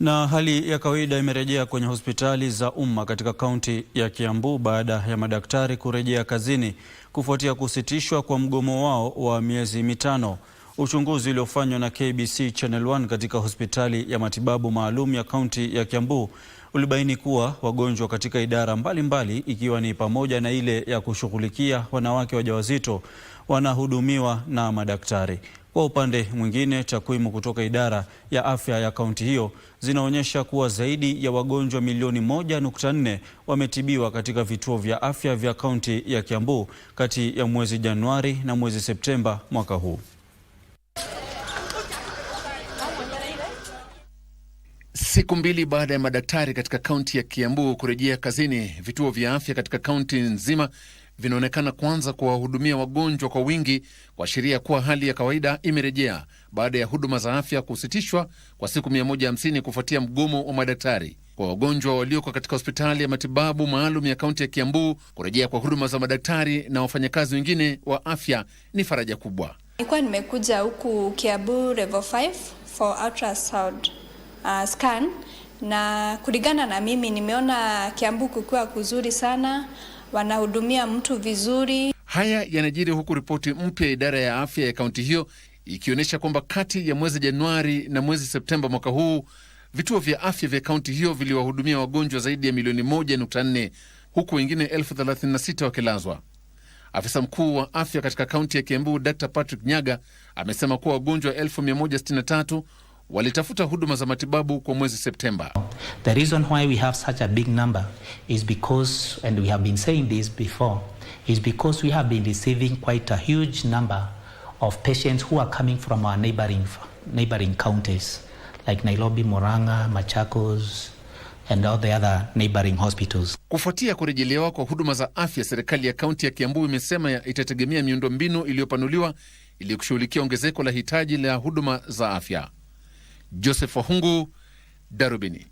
Na hali ya kawaida imerejea kwenye hospitali za umma katika kaunti ya Kiambu baada ya madaktari kurejea kazini kufuatia kusitishwa kwa mgomo wao wa miezi mitano. Uchunguzi uliofanywa na KBC Channel 1 katika hospitali ya matibabu maalum ya kaunti ya Kiambu ulibaini kuwa wagonjwa katika idara mbalimbali mbali, ikiwa ni pamoja na ile ya kushughulikia wanawake wajawazito wanahudumiwa na madaktari. Kwa upande mwingine, takwimu kutoka idara ya afya ya kaunti hiyo zinaonyesha kuwa zaidi ya wagonjwa milioni moja nukta nne wametibiwa katika vituo vya afya vya kaunti ya Kiambu kati ya mwezi Januari na mwezi Septemba mwaka huu. Siku mbili baada ya madaktari katika kaunti ya Kiambu kurejea kazini, vituo vya afya katika kaunti nzima vinaonekana kuanza kuwahudumia wagonjwa kwa wingi, kuashiria kuwa hali ya kawaida imerejea baada ya huduma za afya kusitishwa kwa siku 150 kufuatia mgomo wa madaktari. Kwa wagonjwa walioko katika hospitali ya matibabu maalum ya kaunti ya Kiambu, kurejea kwa huduma za madaktari na wafanyakazi wengine wa afya ni faraja kubwa. Nilikuwa nimekuja huku Kiambu Level 5 for ultrasound uh, scan na kulingana na mimi nimeona Kiambu kukiwa kuzuri sana wanahudumia mtu vizuri. Haya yanajiri huku ripoti mpya ya idara ya afya ya kaunti hiyo ikionyesha kwamba kati ya mwezi Januari na mwezi Septemba mwaka huu vituo vya afya vya kaunti hiyo viliwahudumia wagonjwa zaidi ya milioni 1.4 huku wengine elfu 36 wakilazwa. Afisa mkuu wa afya katika kaunti ya Kiambu Dr Patrick Nyaga amesema kuwa wagonjwa 163 walitafuta huduma za matibabu kwa mwezi Septemba. The reason why we have such a big number is because and we have been saying this before is because we have been receiving quite a huge number of patients who are coming from our neighboring neighboring counties like Nairobi, Murang'a, Machakos and all the other neighboring hospitals. Kufuatia kurejelewa kwa huduma za afya, serikali ya kaunti ya Kiambu imesema itategemea miundombinu iliyopanuliwa ili kushughulikia ongezeko la hitaji la huduma za afya. Joseph Wahungu, Darubini.